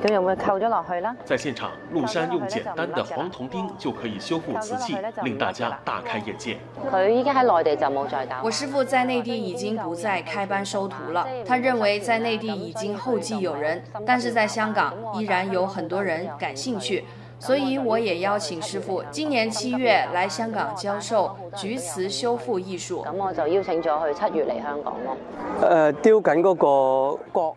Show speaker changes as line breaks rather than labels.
佢又會扣咗落去啦！
在現場，陸山用簡單的黃銅釘就可以修復瓷器，令大家大開眼界。
佢依家喺內地就冇再打。我師傅在內地已經不再開班收徒了，他認為在內地已經後繼有人，但是在香港依然有很多人感興趣，所以我也邀請師傅今年七月來香港教授鋦瓷修復藝術。咁我就邀請咗佢七月嚟香
港咯。誒、那個，雕緊嗰個角。